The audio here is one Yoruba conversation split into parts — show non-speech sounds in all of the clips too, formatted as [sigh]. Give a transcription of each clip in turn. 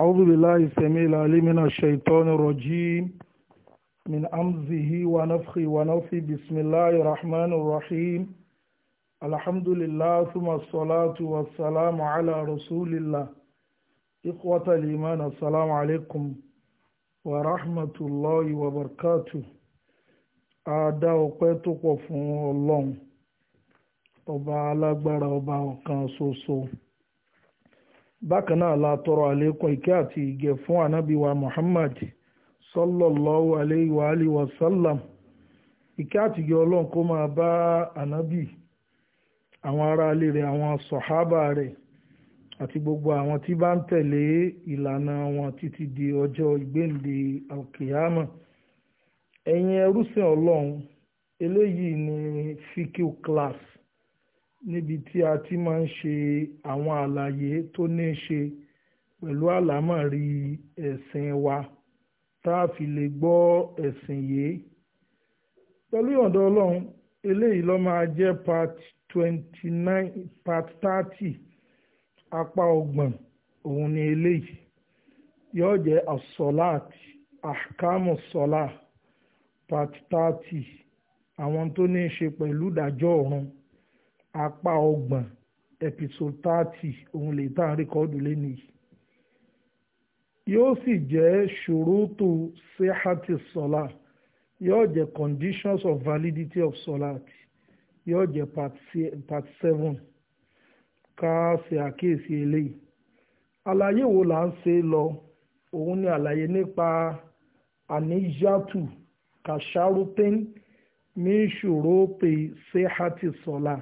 أعوذ بالله السميع العليم من الشيطان الرجيم من أمزه ونفخه ونفخه بسم الله الرحمن الرحيم الحمد لله ثم الصلاة والسلام على رسول الله إخوة الإيمان السلام عليكم ورحمة الله وبركاته àdá ọpẹ́ tó الله fún Ọlọ́run ọba alágbára ọba ọ̀kan ṣoṣo. bákan náà la tọrọ àlékún ìkẹ́ àti ìgẹ̀ fún ànábì wa Muhammad sallallahu alayhi wa alihi wa sallam ìkẹ́ àti ìgẹ̀ ọlọ́run kó máa bá ànábì àwọn ará ilé rẹ̀ àwọn sọ̀hábà rẹ̀ àti gbogbo àwọn tí bá ń tẹ̀lé ìlànà wọn títí di ọjọ́ ìgbéǹde alkiyama ẹ̀yin ẹrúsìn ọlọ́run eléyìí ni fiqh class níbi tí a ti máa ń ṣe àwọn àlàyé tó ní í ṣe pẹ̀lú àlámọ̀rí ẹ̀sìn wa tá a fi lè gbọ́ ẹ̀sìn yìí pẹ̀lú ìyọ̀ǹda ọlọ́run eléyìí ló máa jẹ́ part twenty nine part thirty apá ọgbọ̀n òun ni eléyìí yóò jẹ́ asọ́láàt ahkamu sọ́lá part thirty àwọn tó ní í ṣe pẹ̀lú ìdájọ́ ọ̀run apá ọgbọ̀n episode thirty òun lè tá à ń rékọ́dù lẹ́nu yìí yóò sì jẹ́ ṣòrótò sehati sọlá yóò jẹ́ conditions of validity of solat yóò jẹ́ part seven ká ṣe àkíyèsí eléyìí àlàyé wo là ń ṣe lọ òun ni àlàyé nípa àníyàtù kàṣàrùtẹ́ni min ṣòro sehati sọlá.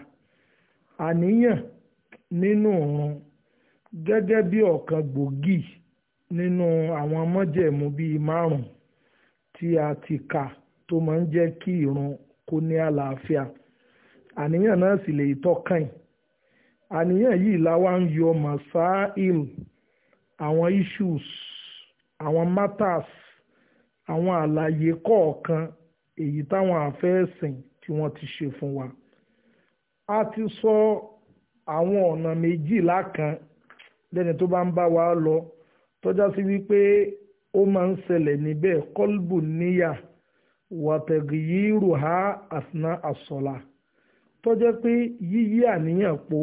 àníyàn nínú òun gẹ́gẹ́ bí ọ̀kan gbòógì nínú àwọn mọ́jẹ̀mú bíi márùn-ún tí a ti kà tó máa ń jẹ́ kí ìrun kó ní àlàáfíà àníyàn náà sì lè tọ́kàn yìí àníyàn yìí la wá ń yọ masail àwọn issues àwọn matters àwọn àlàyé kọ̀ọ̀kan èyí táwọn àfẹ́ẹ̀sìn tí wọ́n ti ṣe fún wa. a ti sọ àwọn ọ̀nà méjìlá kan lẹ́ni tó bá ń bá wa lọ tọ́já sí wípé ó máa ń ṣẹlẹ̀ níbẹ̀ kọ́lbù níyà wàtẹ̀gìyìrù ha àsìná àsọ̀là tọ́jẹ́ pé yíyí àníyàn po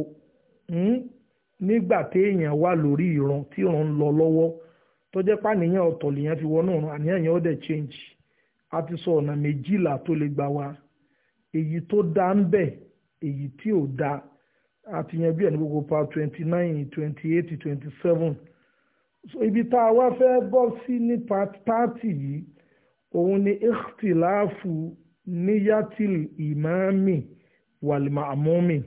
hmm, nígbà téèyàn wà lórí ìran tí ìran ń lọ lọ́wọ́ tọ́jẹ́ pàníyàn ọ̀tọ̀ lèyàn fi wọnú ọ̀run àníyàn yẹn ó dẹ̀ change a ti sọ ọ̀nà méjìlá tó lè gbà wá èyí tó dá ń bẹ̀ èyí tí ò dáa àti yanjú ẹ̀ ní gbogbo part twenty nine twenty eight twenty seven so ibi tá a wá fẹ́ bọ́ sí ní part yìí òun ni ikhtilafu níyàtìl ìmáàmì wàlìmàmúmi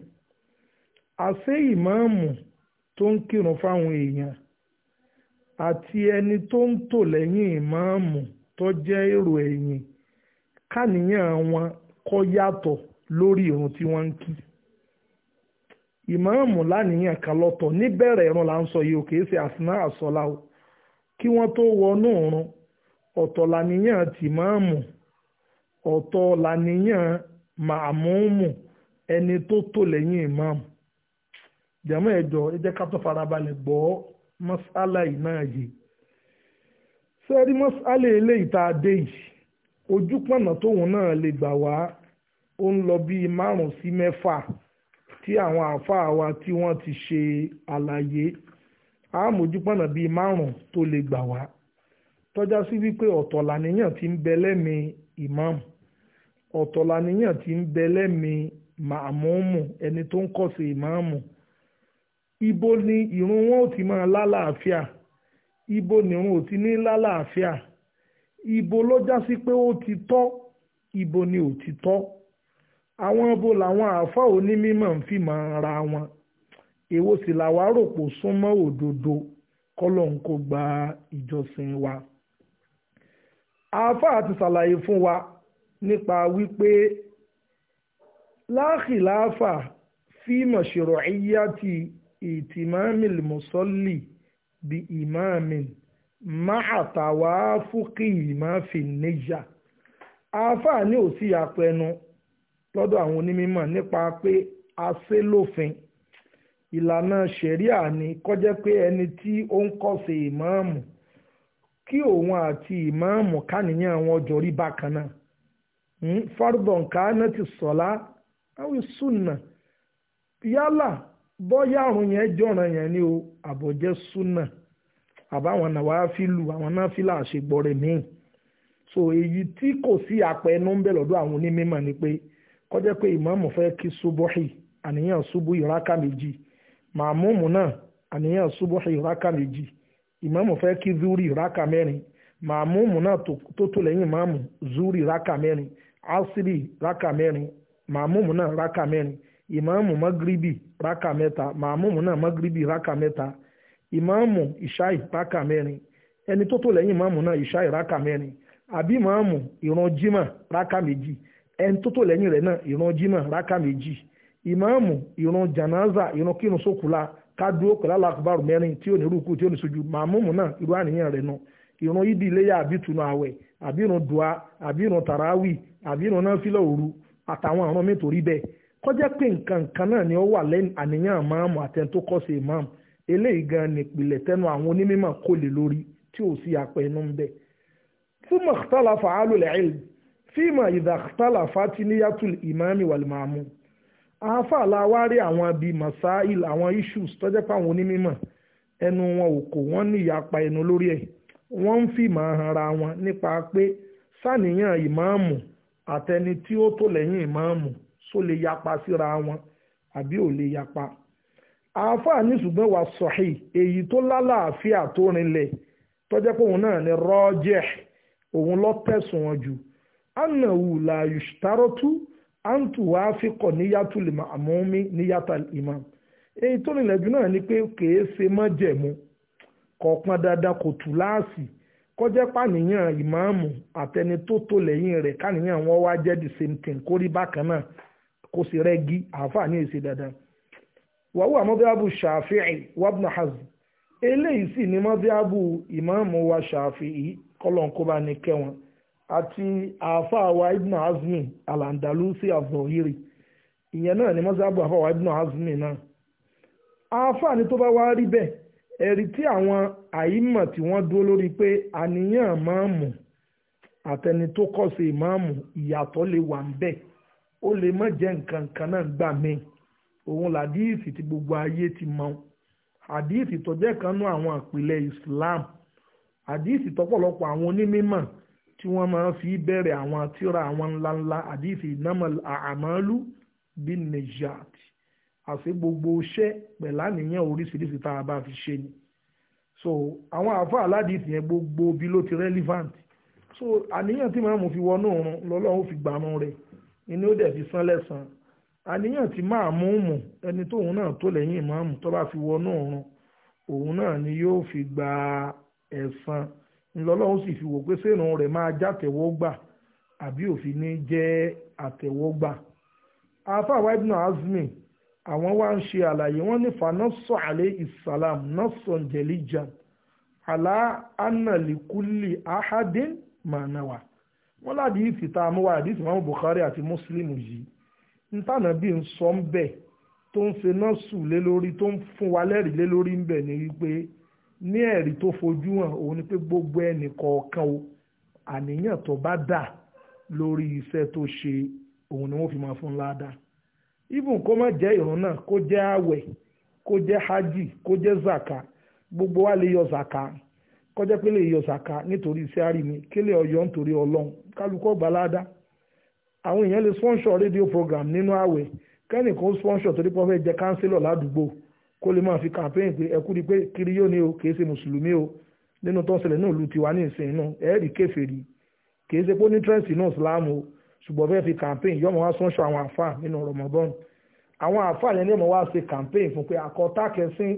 àṣé ìmáàmù tó ń kírun fáwọn èèyàn àti ẹni tó ń tò lẹ́yìn ìmáàmù tó jẹ́ èrò ẹ̀yìn káníyàn wọn kọ́ yàtọ̀ lórí irun tí wọ́n ń kí ìmáàmù láníyàn kan lọ́tọ̀ níbẹ̀rẹ̀ irun là ń sọ yìí kìí ṣe àsìná àsọlá o kí wọ́n tó wọnú irun ọ̀tọ̀ làníyàn tìmáàmù ọ̀tọ̀ làníyàn màmúùmù ẹni tó tò lẹ́yìn ìmáàmù jàmọ́ ẹ̀jọ̀ ẹ ká tó farabalẹ̀ gbọ́ mọ́sálà yìí náà yìí sẹ́rí mọ́sálà eléyìí tá a dé yìí ojú pọ̀nà tóun ó ń lọ bíi márùn-ún sí mẹ́fà tí àwọn àáfàá wa tí wọ́n ti ṣe àlàyé àmójúpọ̀nà bíi márùn-ún tó lè gbà wá tọ́já sí wípé ọ̀tọ̀ làníyàn ti ń bẹ lẹ́mìí ìmáàmù ọ̀tọ̀ làníyàn ti ń bẹ lẹ́mìí màmúmù ẹni tó ń kọ̀sẹ̀ ìmáàmù ibo ni ìrun wọn ò ti máa lálàáfíà ibo nìrun ò ti ní lálàáfíà ibo ló já sí pé ó ti tọ́ ibo ni ò ti tọ́ àwọn ibo làwọn àáfàá onímọ̀ ń fi máa ra wọn èwo sì làwa rò pò súnmọ́ òdodo kọ́lọ́n kó gba ìjọsìn wa àáfàá ti ṣàlàyé fún wa nípa wípé láàkìláàfà fi mọ̀ṣẹ̀rọ̀ ẹ̀yáàtì ìtìmọ́mìlì mọ̀sọ́lì bí ìmọ̀mìlì máàtàwá fúkì ìmọ̀fìn níjà àáfàá ní òsì àpẹnu lọ́dọ̀ àwọn onímọ̀ nípa pé a ṣe lófin ìlànà ni kọjẹ́ pé ẹni tí ó ń kọ́sẹ̀ ki kí òun àti kani kánìyàn awon jọ rí bákan náà hmm? fardon kánà ti sọ̀lá àwọn sunna yálà bọ́yá àrùn yẹn jọ̀ràn yẹn ni o àbọ̀jẹ́ sunna àbáwọn náà wàá fi lu àwọn náà fi so èyí tí kò sí apẹ̀ẹ́nú ń bẹ̀ lọ́dọ̀ àwọn onímọ̀ kọjá pé ìmáàmù fẹ́ kí subuhi àníyàn subu ìrákà méjì màmúmù náà subuhi ìrákà méjì ìmáàmù fẹ́ zuri ìrákà mẹ́rin màmúmù náà tó tó lẹ́yìn ìmáàmù zuri ìrákà mẹ́rin asiri ìrákà mẹ́rin màmúmù náà ìrákà mẹ́rin ìmáàmù magribi mẹ́ta màmúmù náà magribi ìrákà mẹ́ta ìmáàmù ìṣá ìrákà mẹ́rin ẹni tó tó ẹni tó tó lẹ́yìn rẹ̀ náà ìran jimá rákà méjì ìmáàmù ìran jànáza ìran kírun sókùlà kádúró pẹ̀lú alákùbárù mẹ́rin tí ò ní rúkú tí ò ní sojú màmúmù náà irú àníyàn rẹ̀ náà ìran yídì iléyà àbí tunu àwẹ̀ àbí ìran dùá àbí ìran tàràwì àbí ìran náfìlà òru àtàwọn àrùn mi torí bẹ́ẹ̀ kọjá pé nǹkan kan náà ni ó wà lẹ́yìn àníyàn máàmù àtẹn kọ́ sí ìmáàmù eléyìí gan nípìnlẹ̀ tẹnu àwọn onímọ̀ kò lè lórí tí ò sí apẹ̀ inú ń bẹ̀. fún mọ̀tàlá fàálù lẹ́yìn fíìmù ìdàkítàlà fatiniyatul imami walimamu àáfà làwárí àwọn bíi masail àwọn issues tó jẹ́ pé àwọn onímọ̀ ẹnu wọn ò kò wọ́n ní ìyapa ẹnu lórí ẹ̀ wọ́n ń fìmọ̀ ara wọn nípa pé sàníyàn ìmáàmù àtẹni tí ó tó lẹ́yìn ìmáàmù só lè yapa síra wọn àbí ò lè yapa àáfàá ní ṣùgbọ́n wà sọ̀hì èyí tó lálàáfíà tó rinlẹ̀ tọ́jẹ́ pé òun náà ni rọ́ọ̀jẹ̀ òun lọ tẹ̀sùn wọn jù annahu la yushtarotu an tuwafiqo niyatul ma'mumi niyatal imam èyí tó nílẹ̀ jù náà ni pé kèé ṣe májẹ̀mú kọ̀ọ̀kan dandan kò tù láàsì kọjá pàníyàn ìmáàmù àtẹni tó tó lẹ́yìn rẹ̀ káníyàn wọn wá jẹ́ the same thing kó rí bákan náà kó sì rẹ́gí àǹfààní èsì dandan. wàhù àmọ́bíábù ṣàfihì wàbùnà hazm eléyìí sì ni mọ́bíábù ìmáàmù wa ṣàfihì kọ́lọ́ǹkóbá ni kẹ́wọ̀n àti àáfàá wa ibn azmi al-andalusi ìyẹn náà ni mọ́sáàbù àáfàá wa ibn azmi náà àáfàá ni tó bá wá rí bẹ́ẹ̀ ẹ̀rí tí àwọn àyímọ̀ tí wọ́n dúró lórí pé àníyàn máàmù àtẹni tó kọ́ sí ìmáàmù ìyàtọ̀ lè wà ń bẹ̀ ó lè má jẹ́ nǹkan kan náà gbà míì òun làdíìsì tí gbogbo ayé ti mọ̀ àdíìsì tó kan nú àwọn àpilẹ̀ Islam àdíìsì tọ́pọ̀lọpọ̀ àwọn onímọ̀ tí wọ́n máa fi bẹ̀rẹ̀ àwọn tíra àwọn ńláńlá àdìsí namal àmàlú bin nejat àti gbogbo iṣẹ́ pẹ̀lú àníyàn oríṣiríṣi tá a bá fi ṣe ni so àwọn àfa aládìsí yẹn gbogbo bí ló ti relevant so àníyàn tí màmú fi wọnú òrun lọ́lọ́run fi gbàmú rẹ̀ inú ó dẹ̀ fi sán lẹ́sàn àníyàn tí màmú mú ẹni tóun náà tó lẹ́yìn màmú tó bá fi wọnú òrun òun náà ni yóò fi gba ẹ̀san. E ńlọ́lọ́run sì fi wò pé sẹ́rùn rẹ̀ máa jàtẹ̀wọ́gbà àbí òfin ní jẹ́ àtẹ̀wọ́gbà afa ibn azmi àwọn wá ń ṣe àlàyé wọn ní fanasọ alẹ isalam nasan jelija ala analikuli ahadin manawa wọn láti ìfì tá a mú wa àdìsí mamu bukhari àti muslim yìí ntànà bí n sọ ń bẹ tó ń ṣe náà sùn lé lórí tó ń fún wa lẹ́rìí lé lórí ń bẹ ní wípé ní ẹ̀rí tó fojú hàn òun ni pé gbogbo ẹnì kọ̀ọ̀kan o àníyàn tó bá dà lórí iṣẹ́ tó ṣe òun ni wọ́n fi máa fún ládàá even kó má jẹ́ ìrun náà kó jẹ́ àwẹ̀ kó jẹ́ hajj kó jẹ́ zaka gbogbo wa lè yọ zaka kó pé lè yọ zaka nítorí iṣẹ́ àrí mi kélé ọyọ nítorí ọlọ́run kálukọ́ gbà ládàá àwọn èèyàn lè sponsor radio program nínú àwẹ̀ kẹ́nìkan sponsor torí pé wọ́n fẹ́ jẹ kánsílọ̀ ládùúgbò kó lè máa fi campaign pé ẹ kú di pé kiri yóò ní o kì í ṣe mùsùlùmí o nínú tó ń ṣẹlẹ̀ náà lu tiwa ní ìsìn inú ẹ̀ẹ́dì kèfèrí kì í ṣe pé ní trẹ́ǹsì náà ìsìláàmù o ṣùgbọ́n fẹ́ẹ́ fi campaign yọmọ wá sọ́nṣọ àwọn àfáà nínú rọmọbọ́n àwọn àfáà yẹn ní ọmọ wá ṣe campaign fún pé àkọ́tà kẹsìn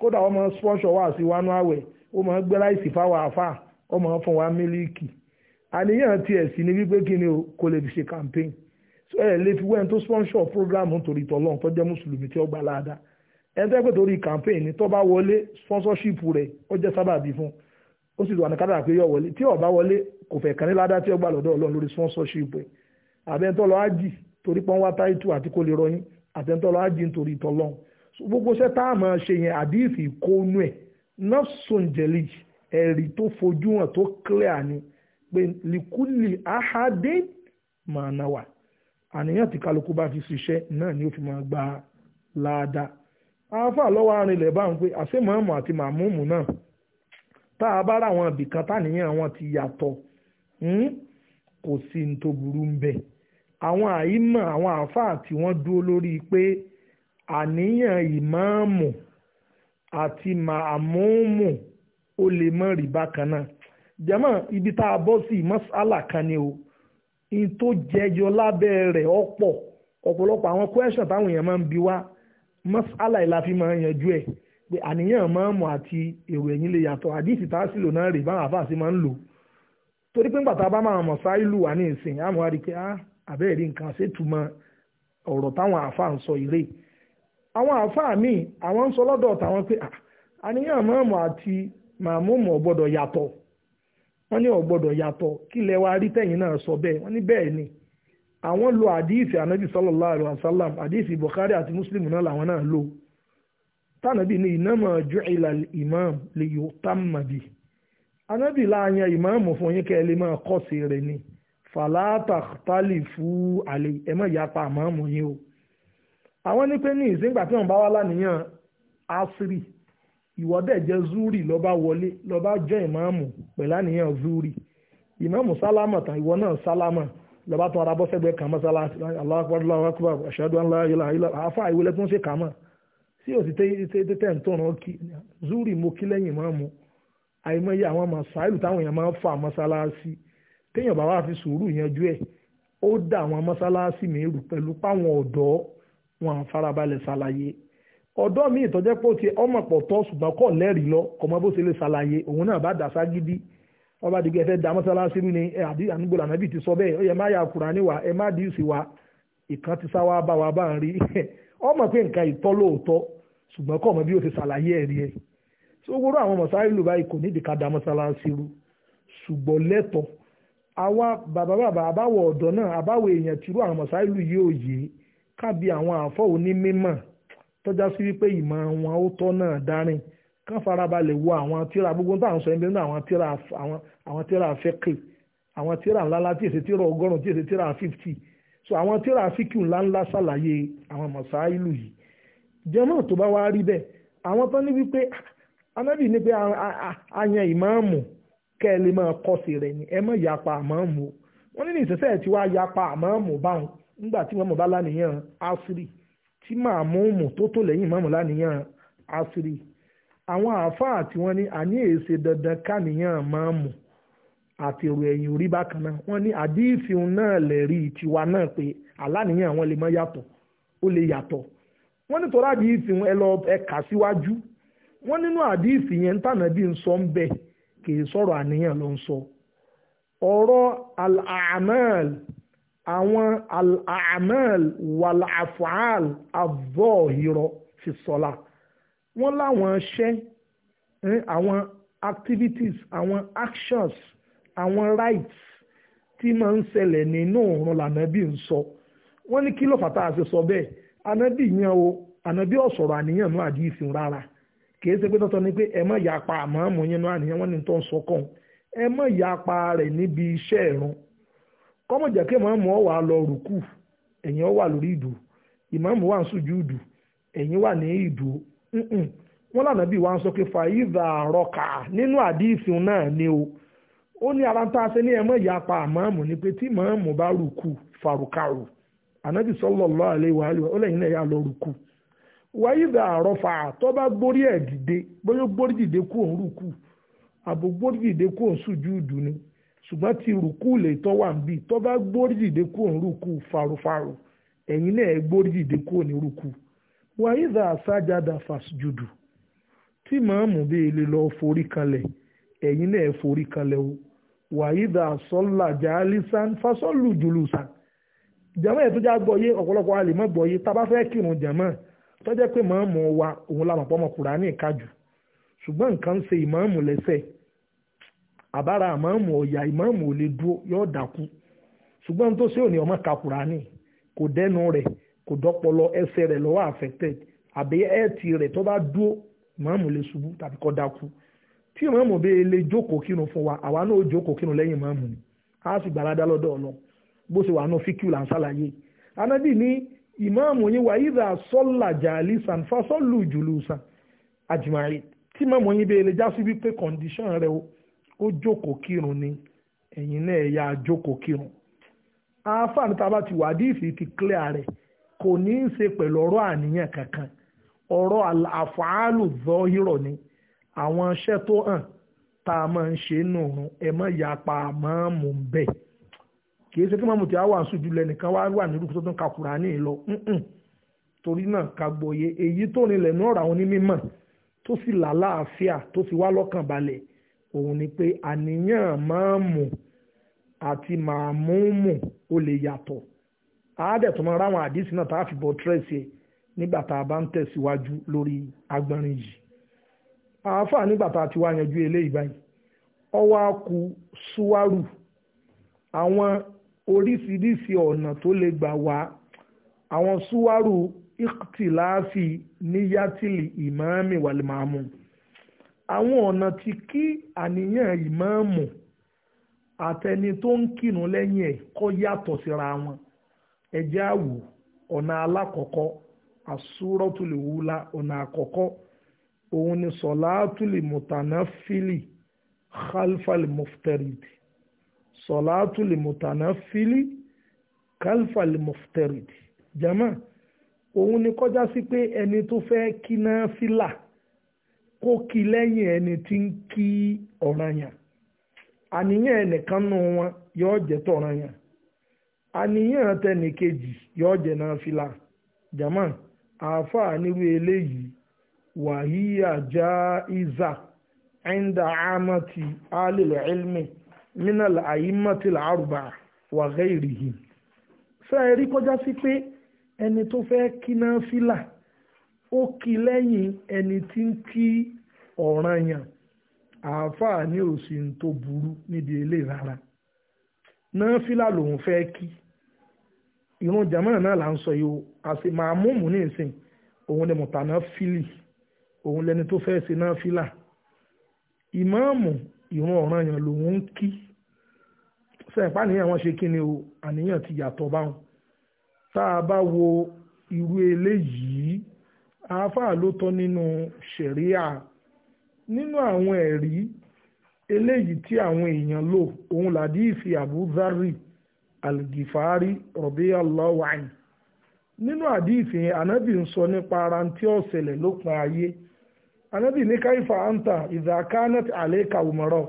kódà wọ́n máa sponsor wá sí wánú àwẹ̀ ó máa gbé láìsí fáwọn àfáà ó máa fún wa mílíìkì àníyàn tiẹ̀ sí ni wípé kí ni o kò lè fi ṣe campaign so lè fi wẹ́n tó sponsor program torí tọ́lọ́n tó jẹ́ mùsùlùmí tí ó gbà láadáa ẹ̀ńtẹ́ pé torí campaign ni tó bá wọlé sponsorship rẹ̀ ó jẹ́ sábàbí fún ó sì wà ní kádàrà pé yọ wọlé tí ó bá wọlé kò fẹ́ kàn ní ládá tí ó gbà lọ́dọ̀ ọlọ́run lórí sponsorship rẹ̀ àbẹ́ńtọ́ lọ ájì torí pọ́n wá táìtù àti kò lè rọyìn àtẹ́ńtọ́ lọ ájì nítorí ìtọ́lọ́run gbogbo iṣẹ́ tá a máa ṣe yẹn àdífì kónú ẹ̀ nọ́sọ̀njẹ̀lì ẹ̀rí tó fojú hàn tó clear ni pé likuli ahadé màá náwà àníyàn tí kálukú bá fi ṣiṣẹ́ náà ni ó fi máa gba láadáa àáfà lọ́wọ́ arìnlẹ̀ bá ń pé àṣemọ̀ọ́mọ̀ àti màmúmù náà tá a bá ráwọn ibìkan táníyàn wọn ti yàtọ̀ hmm? kò sí ní tó burú ń bẹ̀ àwọn àìmọ̀ àwọn àáfàá tí wọ́n dúró lórí pé àníyàn ìmáàmù àti màmúmù ó lè mọ́ rí bákan náà jẹ́mọ́ ibi tá a bọ́ sí mọ́sálà kan ni o in tó jẹyọ lábẹ́ rẹ̀ ọ̀pọ̀ ọ̀pọ̀lọpọ̀ àwọn question táwọn èèyàn máa ń bi wá masala ìlàfi máa ń yanjú ẹ̀ pé àníyàn máa ń mọ̀ àti èrò ẹ̀yìn lè yàtọ̀ àdìsí tá a sì lò náà rè báwọn àfáà sì máa ń lò torí pé ńgbà tá a bá máa mọ̀ sáìlù wà ní ìsìn àmọ́ àrí pé ah, àbẹ́rẹ́ rí nǹkan ṣètùmọ̀ ọ̀rọ̀ táwọn àfáà ń sọ ìrè àwọn àfáà míì àwọn ń sọ lọ́dọ̀ táwọn pé ah, àníyàn máa mọ̀ àti màmú mọ̀ gbọ́dọ̀ yàtọ̀ wọ́n ní ó yàtọ̀ kílẹ̀ wa rí tẹ̀yìn náà sọ bẹ́ẹ̀ wọ́n ní bẹ́ẹ̀ ni àwọn lo àdíìsì ànábì sallallahu alaihi wasallam àdíìsì Bukhari àti Muslim náà làwọn náà lo tánàbì ní ìnámọ̀ ju'ila imam lè yóò tàmàbì ànábì láàyàn ìmáàmù fún yín kẹ́lẹ́ máa kọ́ sí rẹ̀ ni fàlàtà tálì fún àlè ẹ má yapa àmọ́mù yín o àwọn ní pé ní ìsìngbà tí wọ́n bá wá láníyàn asiri ìwọ́dẹ̀ jẹ́ zuri lọ́ba wọlé lọ́ba jẹ́ ìmáàmù pẹ̀lú àníyàn zuri ìmáàmù sálámà tán ìwọ náà sálámà lọ́ba tó ara bọ́ sẹ́gbẹ̀ẹ́ kan mọ́sálásí Allahu Akbar Allahu Akbar ashhadu an la ilaha illa àáfà ìwé lẹ́tún ṣe kà mọ́ sí òsì tẹ́tẹ́ ń tọ̀nà kí zuri mo kí lẹ́yìn máa mu àìmọye àwọn ọmọ sàìlù táwọn èèyàn máa ń fa mọ́sálásí téèyàn bá wà fi sùúrù yanjú ẹ̀ ó dà àwọn mọ́sálásí mi rù pẹ̀lú páwọn ọ̀dọ́ wọn farabalẹ̀ ṣàlàyé ọ̀dọ́ mi ìtọ́jẹ́pọ̀ ti ọmọ pọ̀ tọ́ ṣùgbọ́n kọ̀ lẹ́rìí lọ kọ̀mọ́ bó ṣe lè ṣàlàyé òun náà bá dà ságídí wọ́n bá di pé ẹ ni ẹ àdí ànígbò lànàbì ti sọ bẹ́ẹ̀ ó yẹ má yà Kùránì wá ẹ má díìsì wá ìkan ti sá wá bá wa bá ń rí ọmọ [laughs] pé nǹkan ìtọ́ lóòótọ́ ṣùgbọ́n kọ́ ọmọ bí ó ti ṣàlàyé ẹ̀rí ẹ̀ tó gbọ́dọ̀ àwọn mọ̀sáárì lù báyìí kò nídìí ká da mọ́sálásí rú ṣùgbọ́n lẹ́tọ̀ àwa bàbá bàbá àbáwọ̀ ọ̀dọ́ náà àbáwọ̀ èèyàn tìrú àwọn mọ̀sáárì yìí òye kábi àwọn àfọ́ òní mímọ̀ tọ́já sí wípé ìmọ̀ wọn ó tọ́ náà dárìn kán farabalẹ̀ wo àwọn tíra gbogbo tá à ń sọ ẹni nínú àwọn tíra àwọn tíra fẹ́kẹ̀ àwọn tíra ńláńlá tí èsì tíra ọgọ́rùn-ún tí èsì tíra fifty so àwọn tíra fíkì ńláńlá ṣàlàyé àwọn mọ̀sáìlù yìí jẹ́mọ́ tó bá wá rí bẹ́ẹ̀ àwọn tó ní wípé anábì ah, ní pé ayan ìmáàmù kẹ́ ẹ lè máa kọ́sì rẹ̀ ni ẹ má yapa àmọ́ọ̀mù wọ́n ní ní ìṣẹ̀ṣẹ̀ tí wàá yapa àmọ́ọ̀mù báwọn nígbà tí mọ̀mọ́ bá lánìyàn asiri tí màmúùmù tó tó lẹ́yìn mọ̀mọ́ lánìyàn asiri àwọn àáfàá tí wọ́n ní àní èsè dandan káníyàn máa mú àti èrò ẹ̀yìn orí bákan náà wọ́n ní àdífihùn náà lẹ̀rí tiwa náà pé aláníyàn wọn lè mọ yàtọ̀ ó lè yàtọ̀ wọ́n ní tọ́ra àdífihùn ẹ lọ ẹ kà síwájú wọ́n nínú àdífì yẹn tànà bí ń sọ ń bẹ̀ kì í sọ̀rọ̀ àníyàn ló ń sọ ọ̀rọ̀ al-amal àwọn al-amal wal-af'al az fi sọ́la wọ́n láwọn iṣẹ́ àwọn activities àwọn actions àwọn rights tí máa ń ṣẹlẹ̀ nínú òun lànàbí ń sọ wọ́n ní kí ló fàtà àṣẹ sọ bẹ́ẹ̀ ànàbí yẹn o ànàbí ọ̀sọ̀rọ̀ àníyàn náà àdìsí rárá kìí ṣe pé tọ́tọ́ ni pé ẹ má ya pa àmọ́mọ́ yẹn náà àníyàn wọ́n ní tó ń sọ kàn ẹ má ya pa rẹ̀ níbi iṣẹ́ ìrun kọ́mọ̀jà kí màmú ọ wà lọ rùkù ẹ̀yin ọ wà lórí ìdù ìmàmù wà ń sùjú ìdù ẹ̀yin wà ní ìdù wọ́n lànà bí wọ́n á sọ pé fàyíza àrọ́kà nínú àdìsí náà ni o ó ní ara tá ní ẹ̀mọ́ ìyapa àmọ́ọ̀mù ni pé tí mọ́ọ̀mù bá rùkù fàrùkàrù ànábì sallallahu alaihi wa ó lẹ́yìn náà yà lọ rùkù wàyíza àrọ́fà tó bá gbórí ẹ̀ dìde bóyá gbórí dìde kú òun rùkù àbò gbórí dìde kú òun ni ṣùgbọ́n ti rùkù lè tọ́ wà ń tó bá gbórí dìde kú òun rùkù fàrùfàrù ẹ̀yìn náà gbórí dìde kú òun rùkù wà ìdá àsájàdà fàṣjùdù tí màámù bí ilé lọ forí kalẹ̀ ẹ̀yin náà forí kalẹ̀ o wà ìdá àsọ́là jàálísán fàṣọ́lù jùlùsà jàmọ́ ẹ̀ tó já gbọ́ yé ọ̀pọ̀lọpọ̀ a mọ́ gbọ́ yé tá fẹ́ kírun jàmọ́ tó jẹ́ pé màámù wa òun làwọn àpọ̀ ọmọkùnrin ní ìkájù ṣùgbọ́n nǹkan ń ṣe lẹ́sẹ̀ àbára ọ̀yà ò lè dúró yóò dákú ṣùgbọ́n tó ṣe òní ọmọ kò rẹ̀ kò dọ́pọlọ ẹsẹ̀ rẹ̀ lọ́wọ́ affected àbí ẹ̀ẹ́tì rẹ̀ tó bá dúó màmù lè ṣubú tàbí kọ́ dákú tí màmù bẹ́ẹ̀ lè jókòó kírun fún wa àwa náà jókòó kírun lẹ́yìn màmù ni a sì gbàládá lọ́dọ̀ ọlọ́ bó ṣe wà náà fíkìú là ń ṣàlàyé anábì ní ìmáàmù yín wà ìdá sọ́là jàálí sàn fásọ́lù jùlù sàn àjùmáyé tí màmù yín bẹ́ẹ̀ lè já sí wípé kọ̀ǹdíṣàn rẹ̀ ó jókòó kírun ni ẹ̀yin náà ẹ̀yà jókòó kírun àáfàá níta bá ti wà díìsì ti clear rẹ̀ kò ní í ṣe pẹ̀lú ọ̀rọ̀ àníyàn kankan ọ̀rọ̀ àfàálù zọ́hírọ̀ ni àwọn iṣẹ́ tó hàn tá a máa ń ṣe nù ẹ mọ̀ yapa mọ́ọ̀mù bẹ́ẹ̀ kì í ṣe kí mọ́ọ̀mù tí a wà ń sùjú lẹ́nìkan wá wà nírú tó tún ka Kùránì lọ torí náà ká gbòye èyí tó rinlẹ̀ náà ra àwọn onímọ̀ tó sì làlàáfíà tó sì wá lọ́kàn balẹ̀ òun ni pé àníyàn mọ́ọ̀mù àti màmúmù ó lè yàtọ̀ àádẹ́ tó máa ráwọn àdísì náà tá a fi bọ́ tírẹ́sì ẹ̀ e nígbà tá a bá ń tẹ̀síwájú lórí agbọ́nrin yìí àáfàá nígbà tá a ti wá yanjú eléyìí báyìí ọwọ́ á ku súwárù àwọn oríṣiríṣi ọ̀nà tó lè gbà wá àwọn súwárù ìkìtìláàfì níyàtìlì ìmáàmì wàlìmáàmù àwọn ọ̀nà tí kí àníyàn ìmáàmù àtẹni tó ń kírun lẹ́yìn ẹ̀ kọ́ yàtọ̀ síra wọn ẹjẹ́ àwò ọ̀nà alákọ̀ọ́kọ́ àsúrọ́tùlẹ̀wúlá ọ̀nà àkọ́kọ́ òun ni sọ̀láàtùlẹ̀ mùtànáfílì khalfal muftarid sọ̀láàtùlẹ̀ mùtànáfílì khalfal muftarid jama òun ni kọjá sí pé ẹni tó fẹ́ kí náà fílà kó kí lẹ́yìn ẹni tí ń kí ọ̀ranyàn àníyàn ẹnìkan nù wọn yóò jẹ́ tọ̀ranyàn àníyàn tẹnìkejì yóò jẹ́ nàfílà jama àáfàá nírú eléyìí wàhíyà já ìzà ẹ̀ńdà àmàtì alìlẹ̀ ẹ̀lmẹ̀ mínàlá àyímàtì làárùbà wàhẹ́ ìrìhì fẹ́ẹ́ rí kọjá sí pé ẹni tó fẹ́ kí nàfílà ó kí lẹ́yìn ẹni tí ń kí ọ̀ranyàn àáfàá ní òsì tó burú níbi eléyìí rárá náà fílà lòun fẹ́ kí ìrun jàmáà náà là ń sọ yìí o àti màmúùmù ní ìsìn òun ni mùtànà fílì òun lẹni tó fẹ́ ṣe náà fílà ìmáàmù ìrun ọ̀ràn yẹn lòun ń kí sẹ́ǹpá nìyẹn wọ́n ṣe kí ni o àníyàn ti yàtọ̀ báwọn tá a bá wo irú eléyìí àáfàá ló tọ́ nínú ṣẹ̀ríà nínú àwọn ẹ̀rí eléyìí tí àwọn èèyàn lò òun làdí ìfi àbúzárì algifari radiyallahu anhu nínú àdífin anábì ń sọ nípa ara tí ó ṣẹlẹ̀ lópin ayé anábì ní káyífà anta ìdàkánat àlékà òmùrọ̀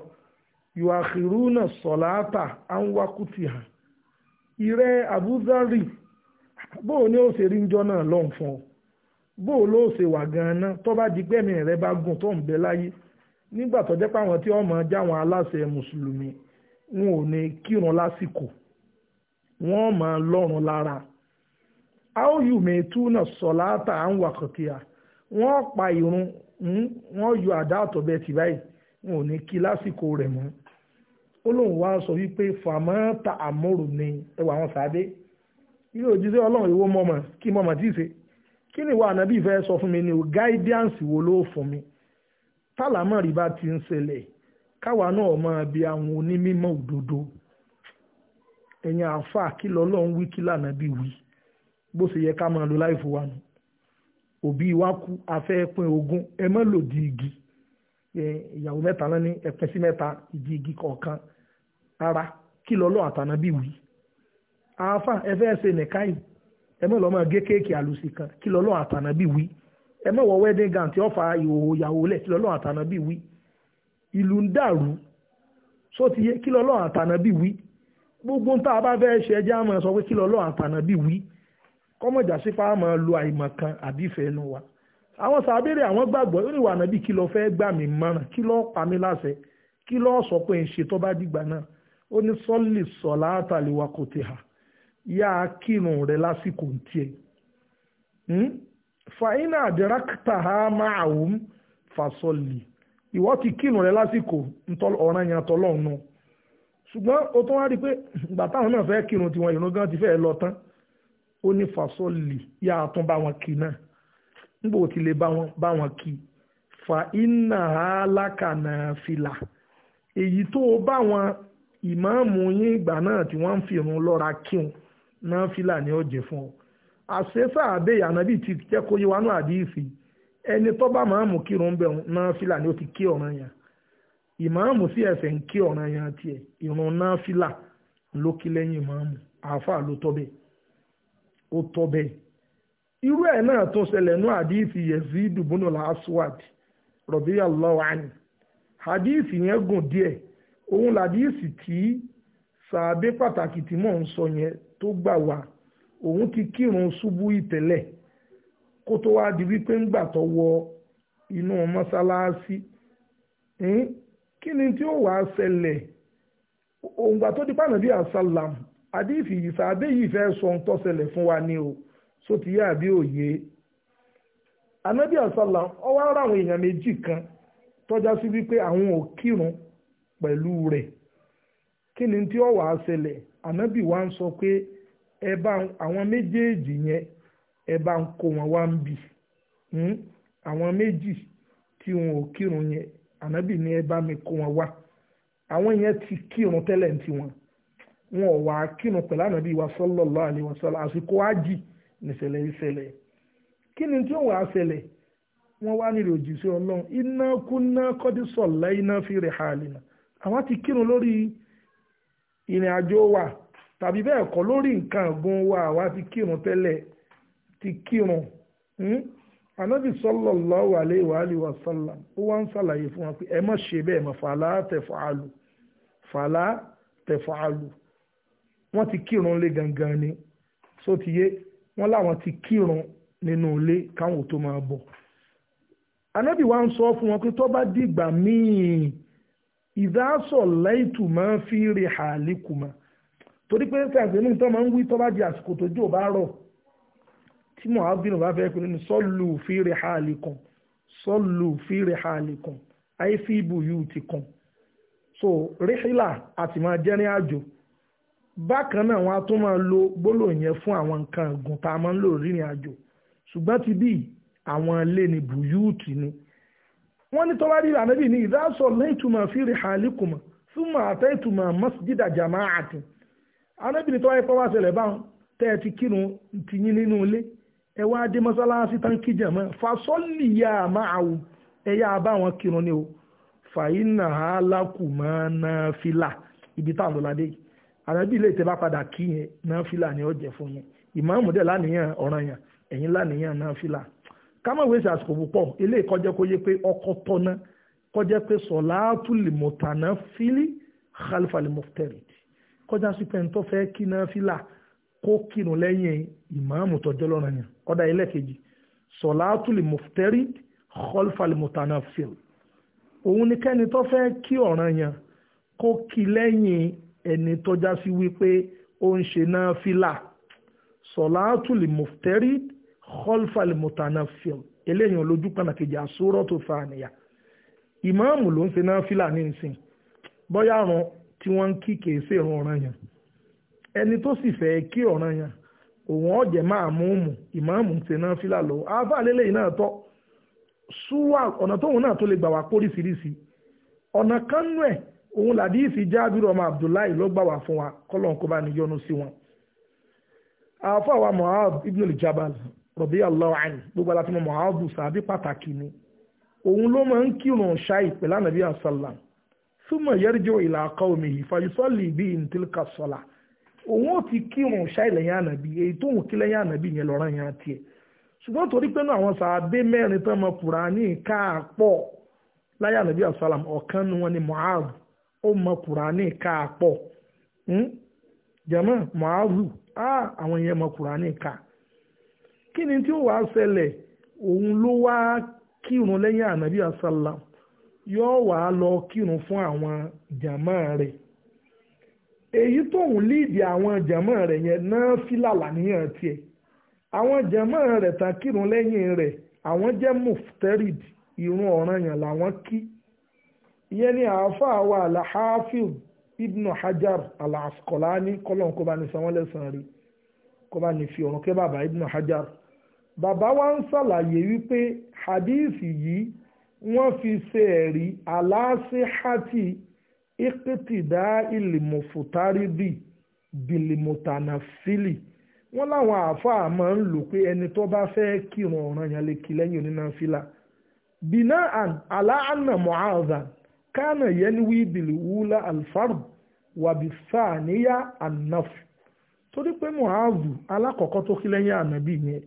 yuakhiruna sọ̀láàtà anwakutiha ìrẹ́ abúzárì bóò ní ó ṣe rí njọ́ náà lọ́n fún ọ bóò ló ṣe wà gan-an tó bá di gbẹ̀mí rẹ bá gùn tó ń bẹ láyé nígbà tó jẹ́ pé àwọn tí wọ́n mọ̀ jáwọn aláṣẹ mùsùlùmí wọn ò ní kírun lásìkò wọ́n máa lọ́rùn lára how you may tuna sọ̀láàtà à ń wà kọ̀kìyà wọ́n pa irun hmm, wọ́n yọ àdá àtọ̀bẹ tì báyìí wọn ò ní kí lásìkò rẹ̀ mọ́ ó lóun wá sọ wípé ta àmúrù ni ẹwà wọn sáré ilé òjíṣẹ́ ọlọ́run ìwọ mọ́mọ́ kí mọ́mọ́ tí ì ṣe kí ni ìwà ànábì fẹ́ sọ fún mi ni o guidance wo ló fún mi tálámọ̀rì bá ti ń ṣẹlẹ̀ káwa náà máa bi àwọn onímọ̀ òdodo ẹ̀yin àáfàá kí lọ́lọ́run wí kí lànà bí wí bó ṣe yẹ ká máa lo láì fowá nù òbí wa kú afẹ́ pín ogún ẹ mọ́ lòdì igi ìyàwó mẹ́ta náà ní ẹ̀pín sí mẹ́ta ìdí igi kọ̀ọ̀kan ara kí lọ́lọ́run àtànà bí wí àáfàá ẹ fẹ́ ṣe nìkáyì ẹ mọ́ lọ́mọ gé kéèkì àlùsì kan kí lọ́lọ́run àtànà bí wí ẹ mọ́ wọ wedding gown tí ó fa ìhòòhò ìyàwó lẹ̀ kí lọ́lọ́run àtànà bí wí ìlú ń dàrú só ti yé àtànà bí wí gbogbo ntaaba a ṣe ẹjẹ́ àmọ́ sọ pé kí bí wí kọ́mọ̀jà sípa àmọ́ lo àìmọ̀ kan àbí ìfẹ́ wa àwọn sàbẹ̀rẹ̀ àwọn gbàgbọ́ ó ní wà bí kí fẹ́ gbà mọ́ràn kí pa mí láṣẹ kí lọ́ sọ pé ń ṣe tó bá dìgbà náà ó ní sọ́ọ̀lì kò ti hà yá lásìkò tiẹ̀ hmm? fàyínà ha máa àwòm fàṣọlì ìwọ́ ti kírun lásìkò ọ̀ràn ṣùgbọ́n o tún wá rí i pé ìgbà táwọn náà fẹ́ kírun tiwọn gan ti fẹ́ lọ tán ó ní fasọ́lì yá a tún bá wọn kí náà nígbà ó ti lè bá wọn kí fa iná alákànà fìlà èyí tó bá wọn ìmáàmù yín ìgbà náà tí wọ́n ń fi ìrun lọ́ra kíun náà fìlà ni ó jẹ fún ọ àṣẹ́sà àbẹ̀yà nàbí ti jẹ́ kó yé wa ifi àdìsí ẹni tó bá máàmù kírun bẹ̀ náà fìlà ni ó ti kí ọ̀ràn yẹn ìmáàmù sí ẹsẹ̀ ń kí ọ̀ràn yẹn tiẹ̀ ìrun náà fìlà ló kí lẹ́yìn ìmáàmù àáfà ló tọ́ bẹ́ẹ̀ ó tọ́ bẹ́ẹ̀ irú ẹ̀ náà ṣẹlẹ̀ ní aswad radiyallahu anhu àdíìsì yẹn gùn díẹ̀ òun làdíìsì tí sàábé pàtàkì tí mò ń sọ yẹn tó gbà wá òun ti kírun ṣubú ìtẹ́lẹ̀ kó tó wá di wípé kini tí ó wà ṣẹlẹ̀ òǹgbà tó di pàànà bí àṣàlám àdéhìfì àbẹ́yìí sọ ohun tó fún wa ni o so ti yá àbí òye ànábì àṣàlám ọwọ́ ara àwọn èèyàn méjì kan tọ́já sí wípé àwọn ò kírun pẹ̀lú rẹ̀ tí ó wa ń sọ pé ẹ bá àwọn méjèèjì yẹn ẹ bá ń kó wọn wá ń hmm? ànábì ni ẹ bá mi kó wọn wá àwọn yẹn ti kírun tẹ́lẹ̀ ń tiwọn wọn ò wá kírun pẹ̀lú ànábì wa sallallahu alaihi wasallam àsìkò ájì nìṣẹ̀lẹ̀ ìṣẹ̀lẹ̀ kí ni tí òun àṣẹlẹ̀ wọ́n wá nílò òjìṣẹ́ ọlọ́run iná kúnná kọ́dísọ̀ lẹ́yìnà fi rẹ̀ hàlìnà àwọn ti kírun lórí ìrìn àjò wa tàbí bẹ́ẹ̀ kọ́ lórí nǹkan ọ̀gbun wa àwa ti kírun tẹ́lẹ̀ ti kírun hmm? anabi sallallahu alayhi wa alihi wa sallam ó wá ń ṣàlàyé fún wa pé ẹ má ṣe bẹ́ẹ̀ mọ́ fàlà tẹ̀fàálù fàlà tẹ̀fàálù wọ́n ti kírun lé gangan ni só ti yé wọ́n láwọn ti kírun nínú ilé káwọn ò tó máa bọ̀ anabi wa ń sọ fún wọn pé tó bá dìgbà míì ìdásọ̀ láìtù máa fi rè hàlíkùmá torí pé sàgbénú tó máa ń wí tó bá di àsìkò tó jò bá rọ̀ tí muhammed bá fẹ́ pinnu sọ́ọ̀lù fìrè ha àlìkàn sọ́ọ̀lù fìrè ha àlìkàn àìsíbù yìí ti kàn so rihila àti máa jẹ́rìn àjò bákan náà wọn a tún máa lo gbólóhùn yẹn fún àwọn nǹkan ọ̀gùn tá a máa ń lò rìnrìn àjò ṣùgbọ́n ti bí àwọn ilé ni bùyúùtì ni wọ́n ní tọ́wárí ànábì ní ìdásọ̀ lẹ́tùmọ̀ fìrì hàlìkùmọ̀ súnmọ̀ àtẹ́tùmọ̀ mọ́sídìdà jàmáà àti ànábì ní tọ́wárí pọ́wá ṣẹlẹ̀ báwọn tẹ́ ẹ ti kírun ti yín nínú ilé ẹ wá dé mọ́sálásí tán kí jẹ̀mọ́ fasọ́lì yá máa wù ẹ yá bá wọn kírun ni o fàyínà alákùmọ́ náà fìlà ibi táwọn lọ́ládé yìí àrẹ́bí ilé ìtẹ́ bá padà kí yẹn náà fìlà ni ó jẹ́ fún yẹn ìmáàmù dẹ̀ lánìyàn ọ̀ràn yẹn ẹ̀yìn lánìyàn náà fìlà kámọ̀wé ṣe àsìkò púpọ̀ ilé ìkọjẹ́ kó yé pé ọkọ̀ tọ́ná kọjẹ́ pé sọ̀láàtù lèmọ̀tàná fílí khalifa lèmọ̀tẹ̀rì kọjá ọ̀dà ẹlẹ́kejì sọ̀látùlì mọ̀fẹ́rì kọ́lfàlì mọ̀tànáfíl òun ni kẹ́ni tó fẹ́ kí ọ̀ràn yẹn kó kí lẹ́yìn ẹni tọ́já sí wípé ó ń ṣe náfílà sọ̀látùlì mọ̀fẹ́rì kọ́lfàlì mọ̀tànáfíl eléyìí olójú pàtàkìjà sórọ́ tó fa àníyà ìmáàmù ló ń ṣe náfílà ní ìsìn bọ́yá run tí wọ́n ń kí kèé sí ìrun ọ̀ràn yẹn ẹni tó sì fẹ́ kí ọ̀ràn yẹn òun ọ̀jẹ̀ máa mú mù ìmáàmù ti náà fílà lọ àáfà lélẹ̀ yìí náà tọ́ súwà ọ̀nà tóun náà tó lè gbà wá póríṣiríṣi ọ̀nà kan nù ẹ̀ òun làdíìsì jábìrì ọmọ abdullahi ló gbà wá fún wa kọ́lọ́n kó bá ní sí wọn. àáfà wa mu'adh ibn al-jabal radiyallahu anhu gbogbo aláfin mu'adh sàbí pàtàkì ni òun ló máa ń kírun ṣáì pẹ̀lú ànàbíyàn sálàm súnmọ̀ yẹ́rìjọ́ ìlà qawmihi fayusalli bíi ntilka òun ò ti kírun ṣáì lẹ́yìn ànàbí èyí tó òun kí lẹ́yìn ànàbí yẹn lọ́rọ̀ yẹn àti ẹ̀ ṣùgbọ́n torí pé náà àwọn sàábé mẹ́rin tán mọ kùránì káàpọ̀ láyé ànàbí àsálàm ọ̀kan ni wọn ni Mu'adh ó mọ kùránì káàpọ̀ hmm? jẹ̀mọ́ Mu'adh àwọn yẹn mọ kí ni tí ó wàá ṣẹlẹ̀ òun ló wá kírun lẹ́yìn ànàbí yóò wàá lọ kírun fún àwọn jàmáà rẹ̀ èyí tóun líìdì àwọn jẹ̀mọ́ rẹ̀ yẹn náà fílà làníyàn tiẹ̀ àwọn jẹ̀mọ́ rẹ̀ tán kírun lẹ́yìn rẹ̀ àwọn jẹ́ muftarid irun ọ̀ranyàn làwọn kí ìyẹn ni àáfàá wa alhafiz ibn hajar alaskolani kọlọ́n kó bá ní sanwó lẹ́sàn-án rí kó bá ní fi ọ̀run kẹ́ bàbá ibn hajar bàbá wa ń ṣàlàyé wípé hadith yìí wọ́n fi ṣe ẹ̀rí aláṣẹ́hàtì ìpètìdá ìlìmọ̀fòtárìbì bìlìmọ̀tànàfílì wọ́n láwọn àáfàá máa ń lò pé ẹni tó bá fẹ́ kírun ọ̀ràn yẹn lè kí lẹ́yìn onínàfílà bìnà aláàánà mọ̀áàzà kánà yẹni wí bìlìwúlà alfarb wàbísà níyà ànáfù torí pé mọ̀áàzù alákọ̀ọ́kọ́ tó kí lẹ́yìn ànábì yẹn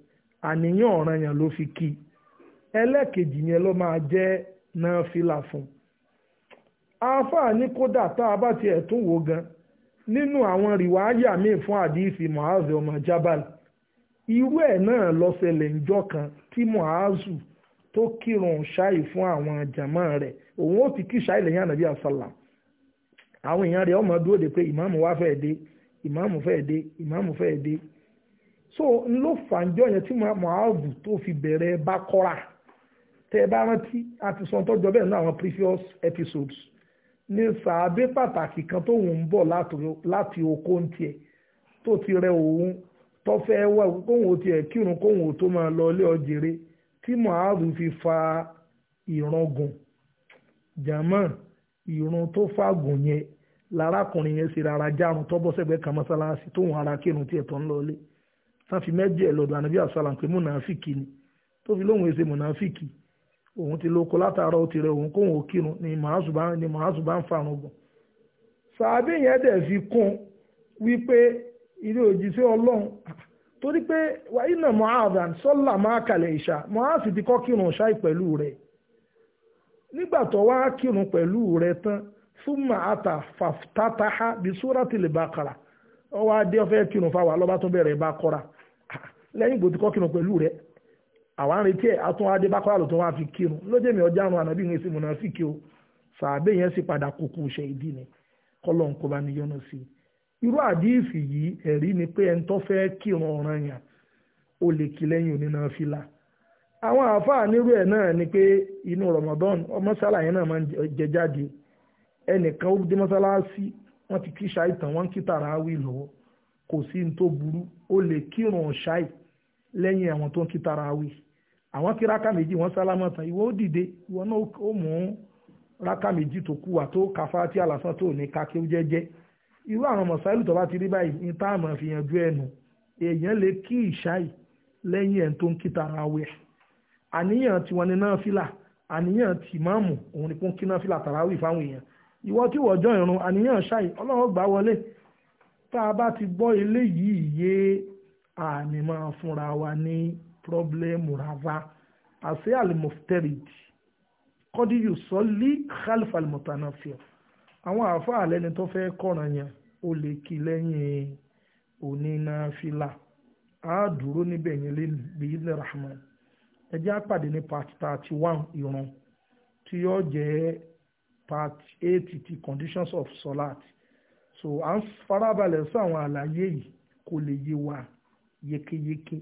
àníyàn ọ̀ràn yẹn ló fi kí ẹlẹ́ẹ̀kejì yẹn ló máa jẹ́ náà fìlà fún un àáfàá ní kódà tá a bá tiẹ̀ tún wò gan nínú àwọn rìwáyà míì fún àdìsí Mu'azu ọmọ Jabal irú ẹ̀ náà ló ṣẹlẹ̀ ńjọ́ kan tí Mu'azu tó kírun ṣáì fún àwọn jàmọ́ rẹ̀ òun ó ti kí ṣáì lẹ́yìn ànàbí àṣàlà àwọn èèyàn rẹ̀ ọmọ dúró de pé ìmáàmù wá fẹ́ dé ìmáàmù fẹ́ dé ìmáàmù fẹ́ dé so n ló fàǹjọ yẹn tí Mu'azu tó fi bẹ̀rẹ̀ bá kọ́ra tẹ́ ẹ bá rántí àti sọ̀tọ́jọ́ bẹ́ẹ̀ náà àwọn previous episodes ní sàábé pàtàkì kan tóun ń bọ̀ láti oko ń tiẹ̀ tó ti rẹ òun tó fẹ́ kóun ó tiẹ̀ kírun kóun ó tó máa lọ ilé tí fi fa jama ìrun tó fàgùn yẹn lárakùnrin yẹn sì rárá járun tó sẹ́gbẹ́ kan mọ́sálásí tóun ara kírun tiẹ̀ tó ń lọ ilé tán fi mẹ́jẹ̀ lọ́dọ̀ ni tó òun ti lóko látara ó ti rẹ òun kóun ni mọ̀hásùbá ni mọ̀hásùbá ń farun gùn sàábì yẹn dẹ̀ fi kún wípé ilé òjíṣẹ́ ọlọ́run torí pé wàyí mohamed sọ́là máa kàlẹ̀ ìṣá mohamed ti kọ́ kírun ṣáì pẹ̀lú rẹ̀ nígbà tó wá kírun pẹ̀lú rẹ̀ tán súnmọ́ àtà fàtàtàhà bí súrátìlì bàkàrà ọwọ́ adé ọ̀fẹ́ kírun fáwọn alọ́bátúnbẹ̀rẹ̀ bá kọ́ra lẹ́yìn ìgbò ti kọ́ kírun pẹ̀lú rẹ̀ àwọn arìntí ẹ̀ atún adébákọ́lá ló tó wá fi kírun lójèmí ọjà àrùn ànábì ń ṣe mùnàfíkì o sàbẹ̀ yẹn sì padà kúkú ṣe ìdí ni kọ́lọ̀ ń bá sí i irú àdíìsì yìí ẹ̀rí ni pé ẹni tó fẹ́ kírun ọ̀ràn yàn ó lè kí lẹ́yìn onínà fìlà àwọn Ramadan yẹn náà máa ń jẹ jáde ó dé mọ́sálásí ti kí ṣáì tán wọ́n kí àwọn kí raka méjì wọ́n sálámọ̀ tán ìwọ ó dìde ìwọ náà ó mú rákà méjì tó kú wa tó kafa tí alásán tó ní kákẹ́ ó jẹ́jẹ́ irú àwọn mọ̀sáìlù tó bá ti rí báyìí ní táàmù fi yanjú ẹnu èèyàn lè kí ìṣáì lẹ́yìn ẹ̀ tó ń kí tarawih àníyàn tiwọn ní náà fìlà àníyàn tì máàmù òun ni kó ń kí náà fìlà tarawih fáwọn èèyàn ìwọ tí wọ́jọ́ ìrun àníyàn ṣáì ọlọ́run gbà wọlé tá a bá ti gbọ́ eléyìí yé àmì máa fúnra wa ní problem rava àṣẹ alimosterid kọ́dí yóò sọ lí khalif alimotanafil àwọn àáfàá àlẹ́ni tó fẹ́ kọ̀ràn yẹn ó lè kí lẹ́yìn onínáfílà á dúró ni yẹn lẹ́nu bíi ibn rahman ẹ jẹ́ àpàdé ní part thirty one ìran tí yóò part eight ti conditions of solat so à ń farabalẹ̀ sí àwọn àlàyé yìí kó lè wa yékéyéké. Yeke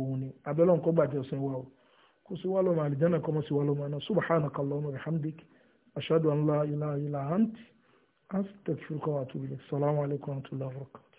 òun ni abẹ́lẹ́ nǹkan gbàjọ sẹ́ wa o kó sì wá lọ́mọ àlìjáná kọ́mọ́ sí wa lọ́mọ àná subhanaka Allahumma bihamdik ashhadu an la ilaha illa ant astaghfiruka wa atubu ilayk assalamu alaikum wa rahmatullahi wa barakatuh.